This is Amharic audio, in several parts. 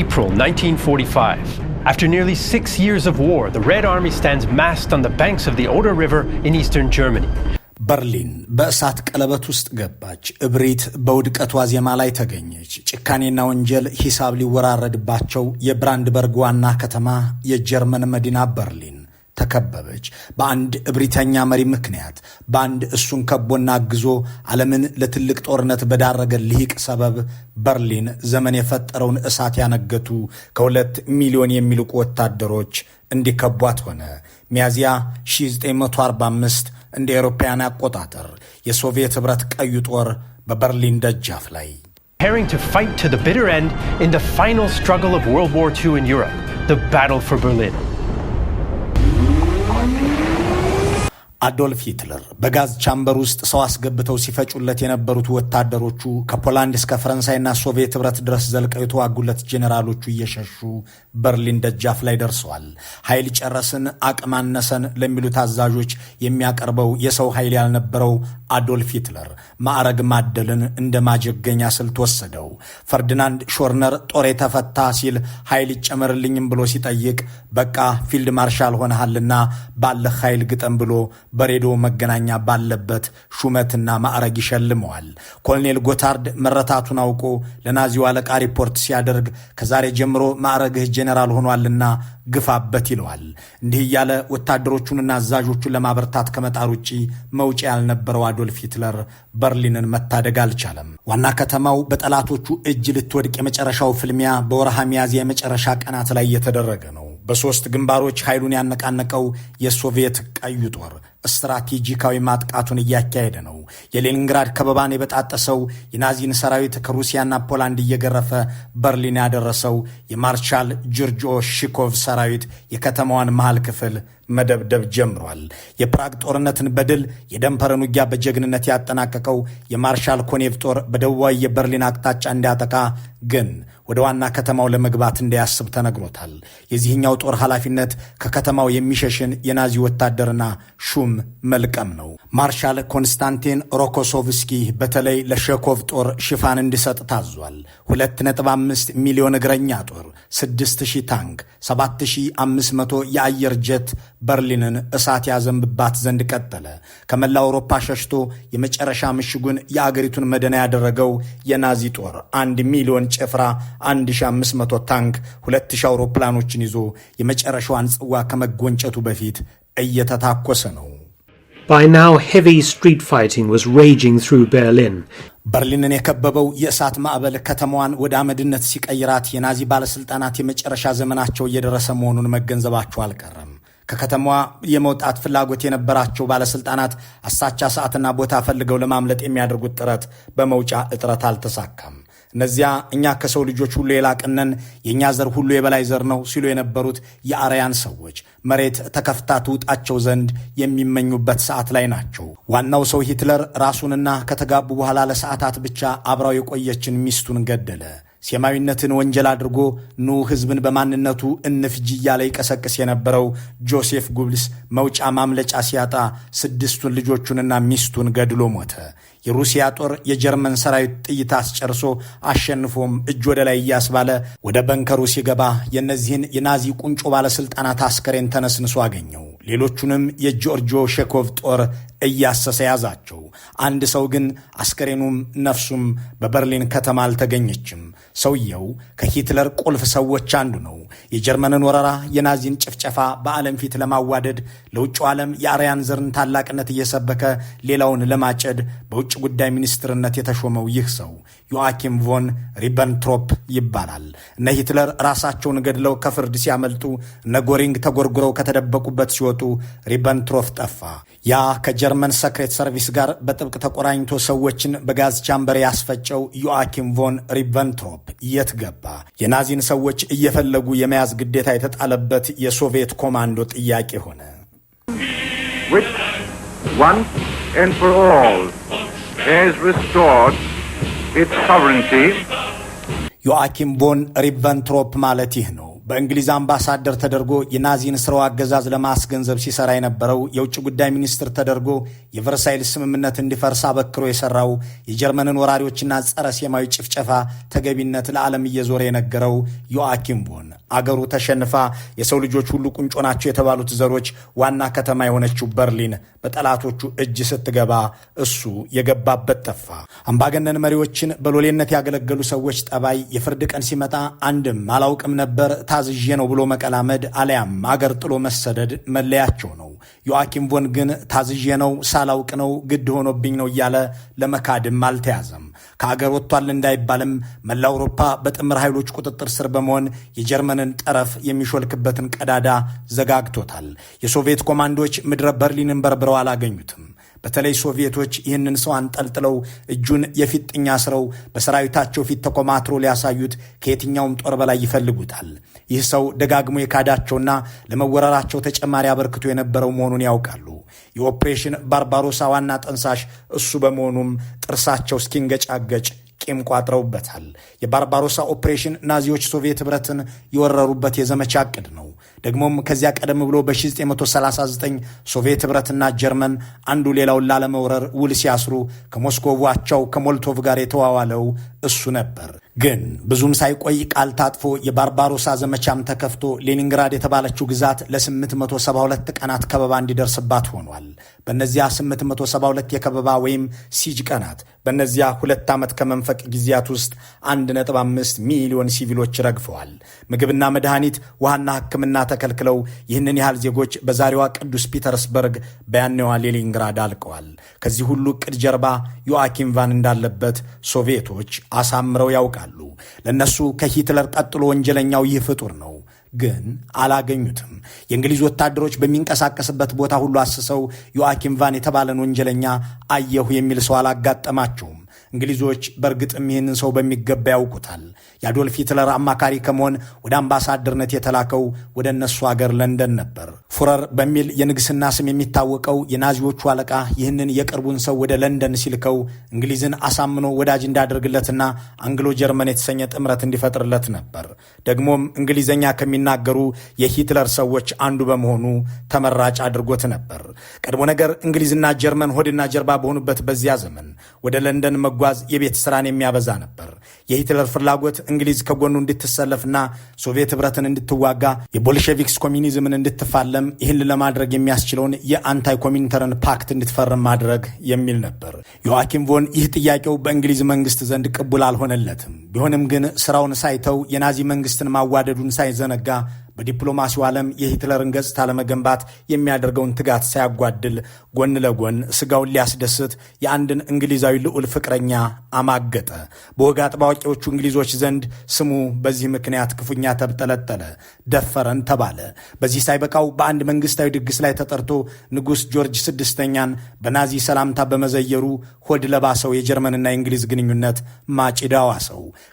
April 1945. After nearly six years of war, the Red Army stands massed on the banks of the Oder River in eastern Germany. በርሊን በእሳት ቀለበት ውስጥ ገባች። እብሪት በውድቀቷ ዜማ ላይ ተገኘች። ጭካኔና ወንጀል ሂሳብ ሊወራረድባቸው የብራንድበርግ ዋና ከተማ የጀርመን መዲና በርሊን ተከበበች። በአንድ እብሪተኛ መሪ ምክንያት፣ በአንድ እሱን ከቦና አግዞ ዓለምን ለትልቅ ጦርነት በዳረገ ልሂቅ ሰበብ በርሊን ዘመን የፈጠረውን እሳት ያነገቱ ከሁለት ሚሊዮን የሚልቁ ወታደሮች እንዲከቧት ሆነ። ሚያዚያ 945 እንደ አውሮፓውያን አቆጣጠር የሶቪየት ኅብረት ቀዩ ጦር በበርሊን ደጃፍ ላይ Berlin. አዶልፍ ሂትለር በጋዝ ቻምበር ውስጥ ሰው አስገብተው ሲፈጩለት የነበሩት ወታደሮቹ ከፖላንድ እስከ ፈረንሳይና ሶቪየት ህብረት ድረስ ዘልቀው የተዋጉለት ጄኔራሎቹ እየሸሹ በርሊን ደጃፍ ላይ ደርሰዋል። ኃይል ጨረስን፣ አቅም አነሰን ለሚሉት አዛዦች የሚያቀርበው የሰው ኃይል ያልነበረው አዶልፍ ሂትለር ማዕረግ ማደልን እንደ ማጀገኛ ስልት ወሰደው። ፈርዲናንድ ሾርነር ጦር የተፈታ ሲል ኃይል ይጨመርልኝም ብሎ ሲጠይቅ በቃ ፊልድ ማርሻል ሆነሃልና ባለህ ኃይል ግጠም ብሎ በሬዲዮ መገናኛ ባለበት ሹመትና ማዕረግ ይሸልመዋል። ኮሎኔል ጎታርድ መረታቱን አውቆ ለናዚው አለቃ ሪፖርት ሲያደርግ ከዛሬ ጀምሮ ማዕረግህ ጄኔራል ሆኗልና ግፋበት ይለዋል። እንዲህ እያለ ወታደሮቹንና አዛዦቹን ለማበርታት ከመጣር ውጪ መውጫ ያልነበረው አዶልፍ ሂትለር በርሊንን መታደግ አልቻለም። ዋና ከተማው በጠላቶቹ እጅ ልትወድቅ የመጨረሻው ፍልሚያ በወርሃ ሚያዝያ የመጨረሻ ቀናት ላይ የተደረገ ነው። በሦስት ግንባሮች ኃይሉን ያነቃነቀው የሶቪየት ቀዩ ጦር ስትራቴጂካዊ ማጥቃቱን እያካሄደ ነው። የሌኒንግራድ ከበባን የበጣጠሰው የናዚን ሰራዊት ከሩሲያና ፖላንድ እየገረፈ በርሊን ያደረሰው የማርሻል ጆርጆ ሺኮቭ ሰራ ሰራዊት የከተማዋን መሃል ክፍል መደብደብ ጀምሯል። የፕራግ ጦርነትን በድል የደንፐርን ውጊያ በጀግንነት ያጠናቀቀው የማርሻል ኮኔቭ ጦር በደቡባዊ የበርሊን አቅጣጫ እንዲያጠቃ ግን ወደ ዋና ከተማው ለመግባት እንዳያስብ ተነግሮታል። የዚህኛው ጦር ኃላፊነት ከከተማው የሚሸሽን የናዚ ወታደርና ሹም መልቀም ነው። ማርሻል ኮንስታንቲን ሮኮሶቭስኪ በተለይ ለሸኮቭ ጦር ሽፋን እንዲሰጥ ታዟል። 2.5 ሚሊዮን እግረኛ ጦር፣ 6000 ታንክ፣ 7500 የአየር ጀት በርሊንን እሳት ያዘንብባት ዘንድ ቀጠለ። ከመላ አውሮፓ ሸሽቶ የመጨረሻ ምሽጉን የአገሪቱን መደና ያደረገው የናዚ ጦር አንድ ሚሊዮን ጭፍራ 1500 ታንክ፣ 2000 አውሮፕላኖችን ይዞ የመጨረሻዋን ጽዋ ከመጎንጨቱ በፊት እየተታኮሰ ነው። By now, heavy street fighting was raging through Berlin. በርሊንን የከበበው የእሳት ማዕበል ከተማዋን ወደ አመድነት ሲቀይራት የናዚ ባለሥልጣናት የመጨረሻ ዘመናቸው እየደረሰ መሆኑን መገንዘባቸው አልቀረም። ከከተማዋ የመውጣት ፍላጎት የነበራቸው ባለሥልጣናት አሳቻ ሰዓትና ቦታ ፈልገው ለማምለጥ የሚያደርጉት ጥረት በመውጫ እጥረት አልተሳካም። እነዚያ እኛ ከሰው ልጆች ሁሉ የላቅነን የእኛ ዘር ሁሉ የበላይ ዘር ነው ሲሉ የነበሩት የአርያን ሰዎች መሬት ተከፍታ ትውጣቸው ዘንድ የሚመኙበት ሰዓት ላይ ናቸው። ዋናው ሰው ሂትለር ራሱንና ከተጋቡ በኋላ ለሰዓታት ብቻ አብራው የቆየችን ሚስቱን ገደለ። ሴማዊነትን ወንጀል አድርጎ ኑ ሕዝብን በማንነቱ እንፍጅ እያለ ይቀሰቅስ የነበረው ጆሴፍ ጉብልስ መውጫ ማምለጫ ሲያጣ ስድስቱን ልጆቹንና ሚስቱን ገድሎ ሞተ። የሩሲያ ጦር የጀርመን ሰራዊት ጥይት አስጨርሶ አሸንፎም እጅ ወደ ላይ እያስባለ ወደ በንከሩ ሲገባ የእነዚህን የናዚ ቁንጮ ባለስልጣናት አስከሬን ተነስንሶ አገኘው። ሌሎቹንም የጆርጆ ሼኮቭ ጦር እያሰሰ ያዛቸው። አንድ ሰው ግን አስከሬኑም ነፍሱም በበርሊን ከተማ አልተገኘችም። ሰውየው ከሂትለር ቁልፍ ሰዎች አንዱ ነው። የጀርመንን ወረራ፣ የናዚን ጭፍጨፋ በዓለም ፊት ለማዋደድ ለውጭ ዓለም የአርያን ዘርን ታላቅነት እየሰበከ ሌላውን ለማጨድ በውጭ ጉዳይ ሚኒስትርነት የተሾመው ይህ ሰው ዮአኪም ቮን ሪበንትሮፕ ይባላል። እነ ሂትለር ራሳቸውን ገድለው ከፍርድ ሲያመልጡ፣ እነ ጎሪንግ ተጎርጉረው ከተደበቁበት ሲወጡ ሪበንትሮፍ ጠፋ። ያ ከጀ ከጀርመን ሰክሬት ሰርቪስ ጋር በጥብቅ ተቆራኝቶ ሰዎችን በጋዝ ቻምበር ያስፈጨው ዮአኪም ቮን ሪቨንትሮፕ የት ገባ? የናዚን ሰዎች እየፈለጉ የመያዝ ግዴታ የተጣለበት የሶቪየት ኮማንዶ ጥያቄ ሆነ። ዮአኪም ቮን ሪቨንትሮፕ ማለት ይህ ነው። በእንግሊዝ አምባሳደር ተደርጎ የናዚን ስራው አገዛዝ ለማስገንዘብ ሲሰራ የነበረው የውጭ ጉዳይ ሚኒስትር ተደርጎ የቨርሳይል ስምምነት እንዲፈርስ አበክሮ የሰራው የጀርመንን ወራሪዎችና ጸረ ሴማዊ ጭፍጨፋ ተገቢነት ለዓለም እየዞረ የነገረው ዮአኪም ቦን አገሩ ተሸንፋ የሰው ልጆች ሁሉ ቁንጮ ናቸው የተባሉት ዘሮች ዋና ከተማ የሆነችው በርሊን በጠላቶቹ እጅ ስትገባ እሱ የገባበት ጠፋ። አምባገነን መሪዎችን በሎሌነት ያገለገሉ ሰዎች ጠባይ የፍርድ ቀን ሲመጣ አንድም አላውቅም ነበር ታዝዤ ነው ብሎ መቀላመድ አለያም አገር ጥሎ መሰደድ መለያቸው ነው። ዮአኪም ቮን ግን ታዝዤ ነው፣ ሳላውቅ ነው፣ ግድ ሆኖብኝ ነው እያለ ለመካድም አልተያዘም። ከአገር ወጥቷል እንዳይባልም መላ አውሮፓ በጥምር ኃይሎች ቁጥጥር ስር በመሆን የጀርመንን ጠረፍ የሚሾልክበትን ቀዳዳ ዘጋግቶታል። የሶቪየት ኮማንዶዎች ምድረ በርሊንን በርብረው አላገኙትም። በተለይ ሶቪየቶች ይህንን ሰው አንጠልጥለው እጁን የፊጥኛ ስረው በሰራዊታቸው ፊት ተኮማትሮ ሊያሳዩት ከየትኛውም ጦር በላይ ይፈልጉታል። ይህ ሰው ደጋግሞ የካዳቸውና ለመወረራቸው ተጨማሪ አበርክቶ የነበረው መሆኑን ያውቃሉ። የኦፕሬሽን ባርባሮሳ ዋና ጠንሳሽ እሱ በመሆኑም ጥርሳቸው እስኪንገጫገጭ ቂም ቋጥረውበታል። የባርባሮሳ ኦፕሬሽን ናዚዎች ሶቪየት ኅብረትን የወረሩበት የዘመቻ ዕቅድ ነው። ደግሞም ከዚያ ቀደም ብሎ በ1939 ሶቪየት ኅብረትና ጀርመን አንዱ ሌላውን ላለመውረር ውል ሲያስሩ ከሞስኮቫቸው ከሞልቶቭ ጋር የተዋዋለው እሱ ነበር። ግን ብዙም ሳይቆይ ቃል ታጥፎ የባርባሮሳ ዘመቻም ተከፍቶ ሌኒንግራድ የተባለችው ግዛት ለ872 ቀናት ከበባ እንዲደርስባት ሆኗል። በእነዚያ 872 የከበባ ወይም ሲጅ ቀናት በእነዚያ ሁለት ዓመት ከመንፈቅ ጊዜያት ውስጥ 1.5 ሚሊዮን ሲቪሎች ረግፈዋል። ምግብና መድኃኒት፣ ውሃና ሕክምና ተከልክለው ይህንን ያህል ዜጎች በዛሬዋ ቅዱስ ፒተርስበርግ በያኔዋ ሌሊንግራድ አልቀዋል። ከዚህ ሁሉ እቅድ ጀርባ ዮአኪም ቫን እንዳለበት ሶቪየቶች አሳምረው ያውቃሉ። ለእነሱ ከሂትለር ቀጥሎ ወንጀለኛው ይህ ፍጡር ነው። ግን አላገኙትም። የእንግሊዝ ወታደሮች በሚንቀሳቀስበት ቦታ ሁሉ አስሰው ዮአኪም ቫን የተባለን ወንጀለኛ አየሁ የሚል ሰው አላጋጠማቸውም። እንግሊዞች በእርግጥም ይህንን ሰው በሚገባ ያውቁታል። የአዶልፍ ሂትለር አማካሪ ከመሆን ወደ አምባሳደርነት የተላከው ወደ እነሱ አገር ለንደን ነበር። ፉረር በሚል የንግስና ስም የሚታወቀው የናዚዎቹ አለቃ ይህንን የቅርቡን ሰው ወደ ለንደን ሲልከው እንግሊዝን አሳምኖ ወዳጅ እንዲያደርግለትና አንግሎ ጀርመን የተሰኘ ጥምረት እንዲፈጥርለት ነበር። ደግሞም እንግሊዘኛ ከሚናገሩ የሂትለር ሰዎች አንዱ በመሆኑ ተመራጭ አድርጎት ነበር። ቀድሞ ነገር እንግሊዝና ጀርመን ሆድና ጀርባ በሆኑበት በዚያ ዘመን ወደ ለንደን መጓዝ የቤት ስራን የሚያበዛ ነበር። የሂትለር ፍላጎት እንግሊዝ ከጎኑ እንድትሰለፍና ሶቪየት ህብረትን እንድትዋጋ የቦልሸቪክስ ኮሚኒዝምን እንድትፋለም ይህን ለማድረግ የሚያስችለውን የአንታይ ኮሚንተርን ፓክት እንድትፈርም ማድረግ የሚል ነበር። ዮዋኪም ቮን ይህ ጥያቄው በእንግሊዝ መንግስት ዘንድ ቅቡል አልሆነለትም። ቢሆንም ግን ስራውን ሳይተው የናዚ መንግስትን ማዋደዱን ሳይዘነጋ በዲፕሎማሲው ዓለም የሂትለርን ገጽታ ለመገንባት የሚያደርገውን ትጋት ሳያጓድል ጎን ለጎን ስጋውን ሊያስደስት የአንድን እንግሊዛዊ ልዑል ፍቅረኛ አማገጠ። በወግ አጥባቂዎቹ እንግሊዞች ዘንድ ስሙ በዚህ ምክንያት ክፉኛ ተብጠለጠለ፣ ደፈረን ተባለ። በዚህ ሳይበቃው በአንድ መንግስታዊ ድግስ ላይ ተጠርቶ ንጉሥ ጆርጅ ስድስተኛን በናዚ ሰላምታ በመዘየሩ ሆድ ለባሰው የጀርመንና የእንግሊዝ ግንኙነት ማጭድ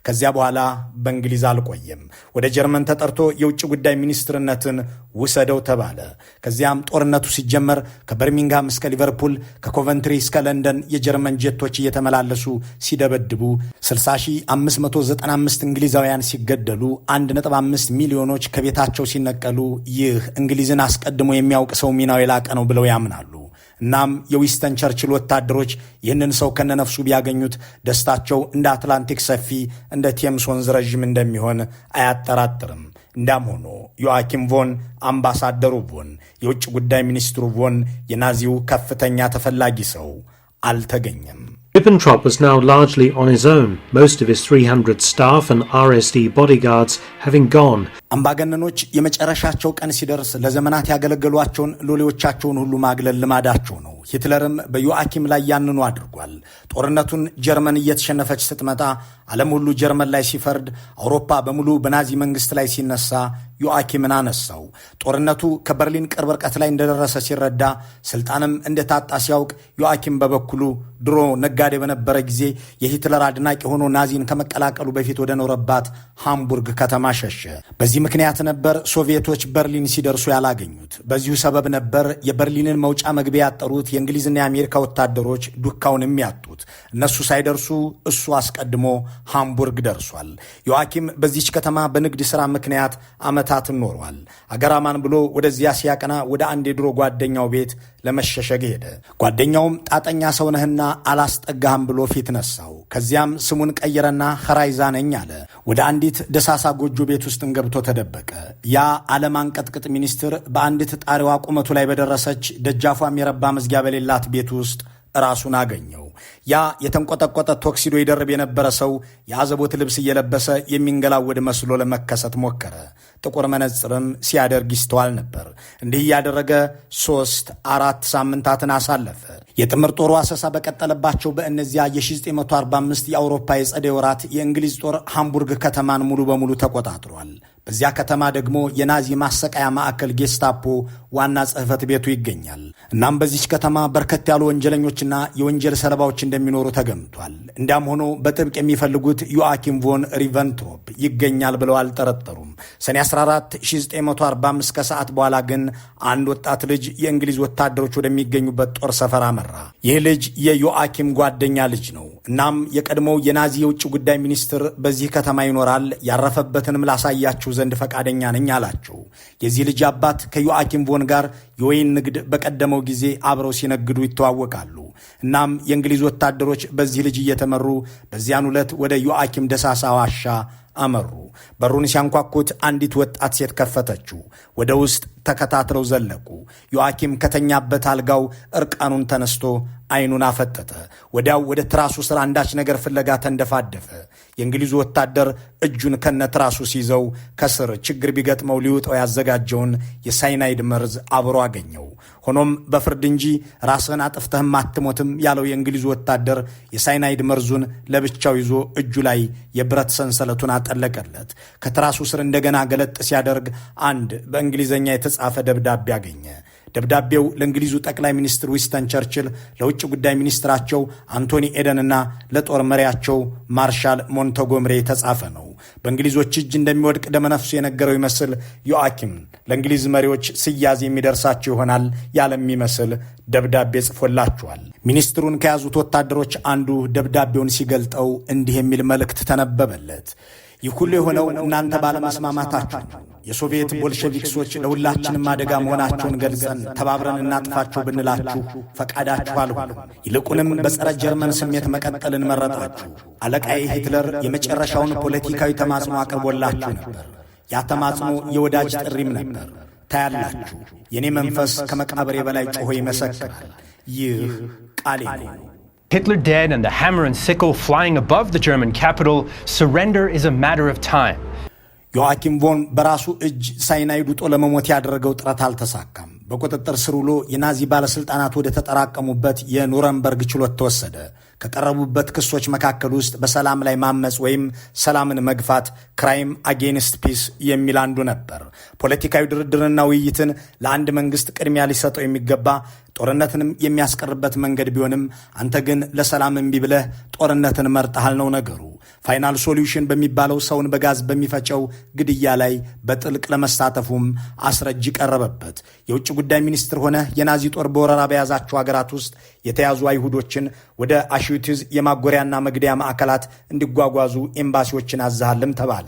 ከዚያ በኋላ በእንግሊዝ አልቆየም። ወደ ጀርመን ተጠርቶ የውጭ ጉዳይ ሚኒስትርነትን ውሰደው ተባለ። ከዚያም ጦርነቱ ሲጀመር ከበርሚንግሃም እስከ ሊቨርፑል፣ ከኮቨንትሪ እስከ ለንደን የጀርመን ጀቶች እየተመላለሱ ሲደበድቡ 60595 እንግሊዛውያን ሲገደሉ 1.5 ሚሊዮኖች ከቤታቸው ሲነቀሉ ይህ እንግሊዝን አስቀድሞ የሚያውቅ ሰው ሚናው የላቀ ነው ብለው ያምናሉ። እናም የዊስተን ቸርችል ወታደሮች ይህንን ሰው ከነነፍሱ ቢያገኙት ደስታቸው እንደ አትላንቲክ ሰፊ፣ እንደ ቴምስ ወንዝ ረዥም እንደሚሆን አያጠራጥርም። እንዳም ሆኖ ዮአኪም ቮን አምባሳደሩ ቮን የውጭ ጉዳይ ሚኒስትሩ ቮን የናዚው ከፍተኛ ተፈላጊ ሰው አልተገኘም። Ribbentrop was now largely on his own, most of his 300 staff and RSD bodyguards having gone. አምባገነኖች የመጨረሻቸው ቀን ሲደርስ ለዘመናት ያገለገሏቸውን ሎሌዎቻቸውን ሁሉ ማግለል ልማዳቸው ነው። ሂትለርም በዮአኪም ላይ ያንኑ አድርጓል። ጦርነቱን ጀርመን እየተሸነፈች ስትመጣ፣ ዓለም ሁሉ ጀርመን ላይ ሲፈርድ፣ አውሮፓ በሙሉ በናዚ መንግስት ላይ ሲነሳ ዮአኪምን አነሳው። ጦርነቱ ከበርሊን ቅርብ ርቀት ላይ እንደደረሰ ሲረዳ፣ ስልጣንም እንደታጣ ሲያውቅ፣ ዮአኪም በበኩሉ ድሮ ነጋዴ በነበረ ጊዜ የሂትለር አድናቂ ሆኖ ናዚን ከመቀላቀሉ በፊት ወደ ኖረባት ሃምቡርግ ከተማ ሸሸ። በዚህ ምክንያት ነበር ሶቪየቶች በርሊን ሲደርሱ ያላገኙት። በዚሁ ሰበብ ነበር የበርሊንን መውጫ መግቢያ ያጠሩት የእንግሊዝና የአሜሪካ ወታደሮች ዱካውንም ያጡት። እነሱ ሳይደርሱ እሱ አስቀድሞ ሃምቡርግ ደርሷል። ዮአኪም በዚች ከተማ በንግድ ሥራ ምክንያት ዓመታትን ኖሯል። አገራማን ብሎ ወደዚያ ሲያቀና ወደ አንድ የድሮ ጓደኛው ቤት ለመሸሸግ ሄደ። ጓደኛውም ጣጠኛ ሰውነህና አላስጠጋህም ብሎ ፊት ነሳው። ከዚያም ስሙን ቀየረና ኸራይዛ ነኝ አለ። ወደ አንዲት ደሳሳ ጎጆ ቤት ውስጥ ገብቶ ተደበቀ። ያ ዓለም አንቀጥቅጥ ሚኒስትር በአንድ ጣሪዋ ቁመቱ ላይ በደረሰች ደጃፏም የረባ መዝጊያ በሌላት ቤት ውስጥ ራሱን አገኘው። ያ የተንቆጠቆጠ ቶክሲዶ ይደርብ የነበረ ሰው የአዘቦት ልብስ እየለበሰ የሚንገላወድ መስሎ ለመከሰት ሞከረ። ጥቁር መነጽርም ሲያደርግ ይስተዋል ነበር። እንዲህ እያደረገ ሶስት አራት ሳምንታትን አሳለፈ። የጥምር ጦሩ አሰሳ በቀጠለባቸው በእነዚያ የ1945 የአውሮፓ የጸደይ ወራት የእንግሊዝ ጦር ሃምቡርግ ከተማን ሙሉ በሙሉ ተቆጣጥሯል። በዚያ ከተማ ደግሞ የናዚ ማሰቃያ ማዕከል ጌስታፖ ዋና ጽህፈት ቤቱ ይገኛል። እናም በዚች ከተማ በርከት ያሉ ወንጀለኞችና የወንጀል ሰለባዎች እንደሚኖሩ ተገምቷል። እንዲያም ሆኖ በጥብቅ የሚፈልጉት ዮአኪም ቮን ሪቨንትሮፕ ይገኛል ብለው አልጠረጠሩም። ሰኔ 14 1945 ከሰዓት በኋላ ግን አንድ ወጣት ልጅ የእንግሊዝ ወታደሮች ወደሚገኙበት ጦር ሰፈር አመራ። ይህ ልጅ የዮአኪም ጓደኛ ልጅ ነው። እናም የቀድሞው የናዚ የውጭ ጉዳይ ሚኒስትር በዚህ ከተማ ይኖራል። ያረፈበትንም ላሳያችሁ ዘንድ ፈቃደኛ ነኝ አላቸው። የዚህ ልጅ አባት ከዮአኪም ቮን ጋር የወይን ንግድ በቀደመው ጊዜ አብረው ሲነግዱ ይተዋወቃሉ። እናም የእንግሊዝ ወታደሮች በዚህ ልጅ እየተመሩ በዚያን ዕለት ወደ ዮአኪም ደሳሳ ዋሻ አመሩ። በሩን ሲያንኳኩት አንዲት ወጣት ሴት ከፈተችው። ወደ ውስጥ ተከታትለው ዘለቁ። ዮአኪም ከተኛበት አልጋው እርቃኑን ተነስቶ አይኑን አፈጠጠ። ወዲያው ወደ ትራሱ ስር አንዳች ነገር ፍለጋ ተንደፋደፈ። የእንግሊዙ ወታደር እጁን ከነ ትራሱ ሲይዘው ከስር ችግር ቢገጥመው ሊውጠው ያዘጋጀውን የሳይናይድ መርዝ አብሮ አገኘው። ሆኖም በፍርድ እንጂ ራስህን አጥፍተህም አትሞትም ያለው የእንግሊዙ ወታደር የሳይናይድ መርዙን ለብቻው ይዞ እጁ ላይ የብረት ሰንሰለቱን አጠለቀለት። ከትራሱ ስር እንደገና ገለጥ ሲያደርግ አንድ በእንግሊዝኛ የተጻፈ ደብዳቤ አገኘ። ደብዳቤው ለእንግሊዙ ጠቅላይ ሚኒስትር ዊስተን ቸርችል፣ ለውጭ ጉዳይ ሚኒስትራቸው አንቶኒ ኤደንና ለጦር መሪያቸው ማርሻል ሞንተጎምሬ የተጻፈ ነው። በእንግሊዞች እጅ እንደሚወድቅ ደመነፍሱ የነገረው ይመስል ዮአኪም ለእንግሊዝ መሪዎች ስያዝ የሚደርሳቸው ይሆናል ያለሚመስል ደብዳቤ ጽፎላቸዋል። ሚኒስትሩን ከያዙት ወታደሮች አንዱ ደብዳቤውን ሲገልጠው እንዲህ የሚል መልእክት ተነበበለት። ይህ ሁሉ የሆነው እናንተ ባለመስማማታችሁ ነው። የሶቪየት ቦልሸቪክሶች ለሁላችንም አደጋ መሆናቸውን ገልጸን ተባብረን እናጥፋቸው ብንላችሁ ፈቃዳችሁ አልሆኑም። ይልቁንም በጸረ ጀርመን ስሜት መቀጠልን መረጣችሁ። አለቃዬ ሂትለር የመጨረሻውን ፖለቲካዊ ተማጽኖ አቅርቦላችሁ ነበር። ያ ተማጽኖ የወዳጅ ጥሪም ነበር። ታያላችሁ፣ የእኔ መንፈስ ከመቃብሬ በላይ ጮሆ ይመሰክራል። ይህ ቃሌ ነው። Hitler dead and the hammer and sickle flying above the German capital, surrender is a matter of time. ዮአኪም ቮን በራሱ እጅ ሳይናይድ ውጦ ለመሞት ያደረገው ጥረት አልተሳካም። በቁጥጥር ስር ውሎ የናዚ ባለሥልጣናት ወደ ተጠራቀሙበት የኑረምበርግ ችሎት ተወሰደ። ከቀረቡበት ክሶች መካከል ውስጥ በሰላም ላይ ማመፅ ወይም ሰላምን መግፋት ክራይም አጌንስት ፒስ የሚል አንዱ ነበር። ፖለቲካዊ ድርድርና ውይይትን ለአንድ መንግስት ቅድሚያ ሊሰጠው የሚገባ ጦርነትንም የሚያስቀርበት መንገድ ቢሆንም አንተ ግን ለሰላም እምቢ ብለህ ጦርነትን መርጠሃል ነው ነገሩ። ፋይናል ሶሉሽን በሚባለው ሰውን በጋዝ በሚፈጨው ግድያ ላይ በጥልቅ ለመሳተፉም አስረጅ ቀረበበት። የውጭ ጉዳይ ሚኒስትር ሆነ የናዚ ጦር በወረራ በያዛቸው ሀገራት ውስጥ የተያዙ አይሁዶችን ወደ አሽዩቲዝ የማጎሪያና መግደያ ማዕከላት እንዲጓጓዙ ኤምባሲዎችን አዛሃልም ተባለ።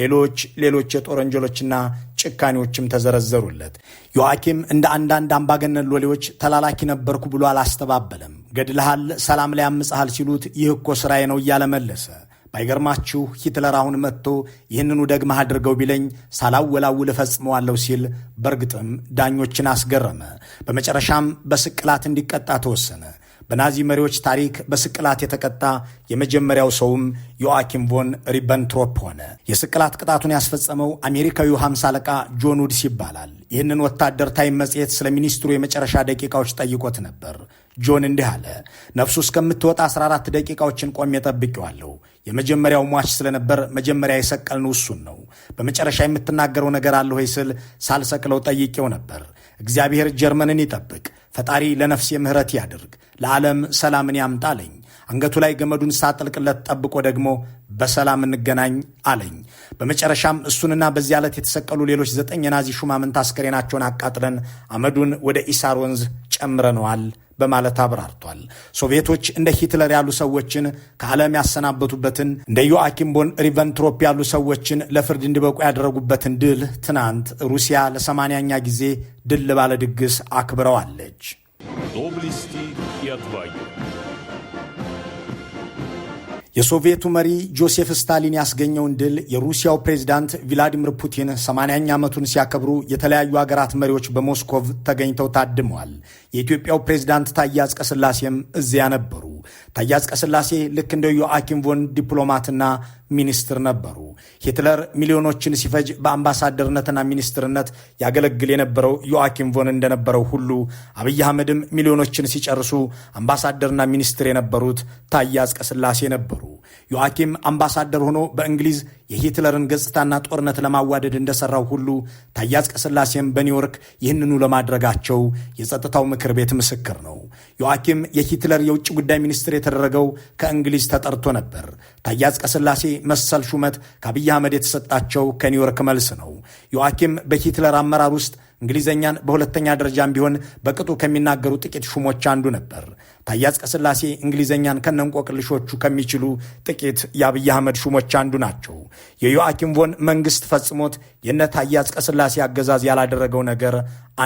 ሌሎች ሌሎች የጦር ወንጀሎችና ጭካኔዎችም ተዘረዘሩለት። ዮአኪም እንደ አንዳንድ አምባገነን ሎሌዎች ተላላኪ ነበርኩ ብሎ አላስተባበለም። ገድልሃል፣ ሰላም ላይ ያምጽሃል ሲሉት ይህ እኮ ስራዬ ነው እያለ መለሰ። ባይገርማችሁ ሂትለር አሁን መጥቶ ይህንኑ ደግመህ አድርገው ቢለኝ ሳላወላውል እፈጽመዋለሁ ሲል በእርግጥም ዳኞችን አስገረመ። በመጨረሻም በስቅላት እንዲቀጣ ተወሰነ። በናዚ መሪዎች ታሪክ በስቅላት የተቀጣ የመጀመሪያው ሰውም ዮአኪም ቮን ሪበንትሮፕ ሆነ። የስቅላት ቅጣቱን ያስፈጸመው አሜሪካዊው ሃምሳ አለቃ ጆን ውድስ ይባላል። ይህንን ወታደር ታይም መጽሔት ስለ ሚኒስትሩ የመጨረሻ ደቂቃዎች ጠይቆት ነበር። ጆን እንዲህ አለ። ነፍሱ እስከምትወጣ 14 ደቂቃዎችን ቆሜ ጠብቄዋለሁ። የመጀመሪያው ሟች ስለነበር መጀመሪያ የሰቀልን እሱን ነው። በመጨረሻ የምትናገረው ነገር አለ ይስል ስል ሳልሰቅለው ጠይቄው ነበር። እግዚአብሔር ጀርመንን ይጠብቅ፣ ፈጣሪ ለነፍሴ ምሕረት ያድርግ፣ ለዓለም ሰላምን ያምጣለኝ። አንገቱ ላይ ገመዱን ሳጥልቅለት ጠብቆ ደግሞ በሰላም እንገናኝ አለኝ። በመጨረሻም እሱንና በዚህ ዕለት የተሰቀሉ ሌሎች ዘጠኝ የናዚ ሹማምንት አስከሬናቸውን አቃጥለን አመዱን ወደ ኢሳር ወንዝ ጨምረነዋል በማለት አብራርቷል። ሶቪየቶች እንደ ሂትለር ያሉ ሰዎችን ከዓለም ያሰናበቱበትን እንደ ዮአኪም ቦን ሪቨንትሮፕ ያሉ ሰዎችን ለፍርድ እንዲበቁ ያደረጉበትን ድል ትናንት ሩሲያ ለሰማንያኛ ጊዜ ድል ባለ ድግስ አክብረዋለች። የሶቪየቱ መሪ ጆሴፍ ስታሊን ያስገኘውን ድል የሩሲያው ፕሬዚዳንት ቪላዲሚር ፑቲን 80ኛ ዓመቱን ሲያከብሩ የተለያዩ አገራት መሪዎች በሞስኮቭ ተገኝተው ታድመዋል። የኢትዮጵያው ፕሬዚዳንት ታዬ አጽቀሥላሴም እዚያ ነበሩ። ታዬ አጽቀሥላሴ ልክ እንደ ዮአኪም ቮን ዲፕሎማትና ሚኒስትር ነበሩ። ሂትለር ሚሊዮኖችን ሲፈጅ በአምባሳደርነትና ሚኒስትርነት ያገለግል የነበረው ዮአኪም ቮን እንደነበረው ሁሉ አብይ አህመድም ሚሊዮኖችን ሲጨርሱ አምባሳደርና ሚኒስትር የነበሩት ታዬ አጽቀሥላሴ ነበሩ። ዮአኪም አምባሳደር ሆኖ በእንግሊዝ የሂትለርን ገጽታና ጦርነት ለማዋደድ እንደሰራው ሁሉ ታዬ አጽቀሥላሴም በኒውዮርክ ይህንኑ ለማድረጋቸው የጸጥታው ምክር ቤት ምስክር ነው። ዮአኪም የሂትለር የውጭ ጉዳይ ሚኒስትር የተደረገው ከእንግሊዝ ተጠርቶ ነበር። ታዬ አጽቀሥላሴ መሰል ሹመት ከአብይ አህመድ የተሰጣቸው ከኒውዮርክ መልስ ነው። ዮአኪም በሂትለር አመራር ውስጥ እንግሊዘኛን በሁለተኛ ደረጃም ቢሆን በቅጡ ከሚናገሩ ጥቂት ሹሞች አንዱ ነበር። ታዬ አጽቀሥላሴ እንግሊዝኛን ከነንቆቅልሾቹ ከሚችሉ ጥቂት የአብይ አህመድ ሹሞች አንዱ ናቸው። የዮአኪም ቮን መንግስት ፈጽሞት የነ ታዬ አጽቀሥላሴ አገዛዝ ያላደረገው ነገር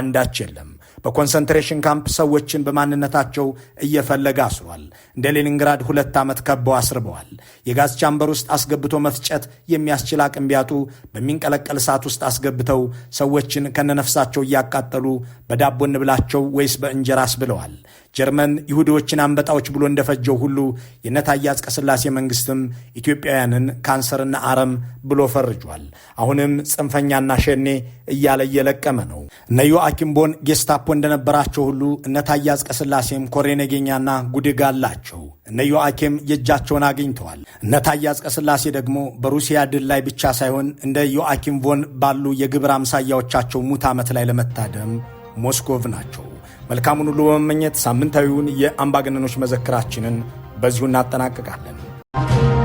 አንዳች የለም። በኮንሰንትሬሽን ካምፕ ሰዎችን በማንነታቸው እየፈለገ አስሯል። እንደ ሌኒንግራድ ሁለት ዓመት ከበው አስርበዋል። የጋዝ ቻምበር ውስጥ አስገብቶ መፍጨት የሚያስችል አቅም ቢያጡ በሚንቀለቀል እሳት ውስጥ አስገብተው ሰዎችን ከነነፍሳቸው እያቃጠሉ በዳቦ እንብላቸው ወይስ በእንጀራስ ብለዋል። ጀርመን ይሁዲዎችን አንበጣዎች ብሎ እንደፈጀው ሁሉ የነታዬ አጽቀሥላሴ መንግስትም ኢትዮጵያውያንን ካንሰርና አረም ብሎ ፈርጇል። አሁንም ጽንፈኛና ሸኔ እያለ እየለቀመ ነው። እነ ዮአኪም ቦን ጌስታፖ እንደነበራቸው ሁሉ እነ ታዬ አጽቀሥላሴም ኮሬ ጉድግ አላቸው። እነ ዮአኪም የእጃቸውን አግኝተዋል። እነ ታዬ አጽቀሥላሴ ደግሞ በሩሲያ ድል ላይ ብቻ ሳይሆን እንደ ዮአኪም ቦን ባሉ የግብር አምሳያዎቻቸው ሙት ዓመት ላይ ለመታደም ሞስኮቭ ናቸው። መልካሙን ሁሉ በመመኘት ሳምንታዊውን የአምባገነኖች መዘክራችንን በዚሁ እናጠናቅቃለን።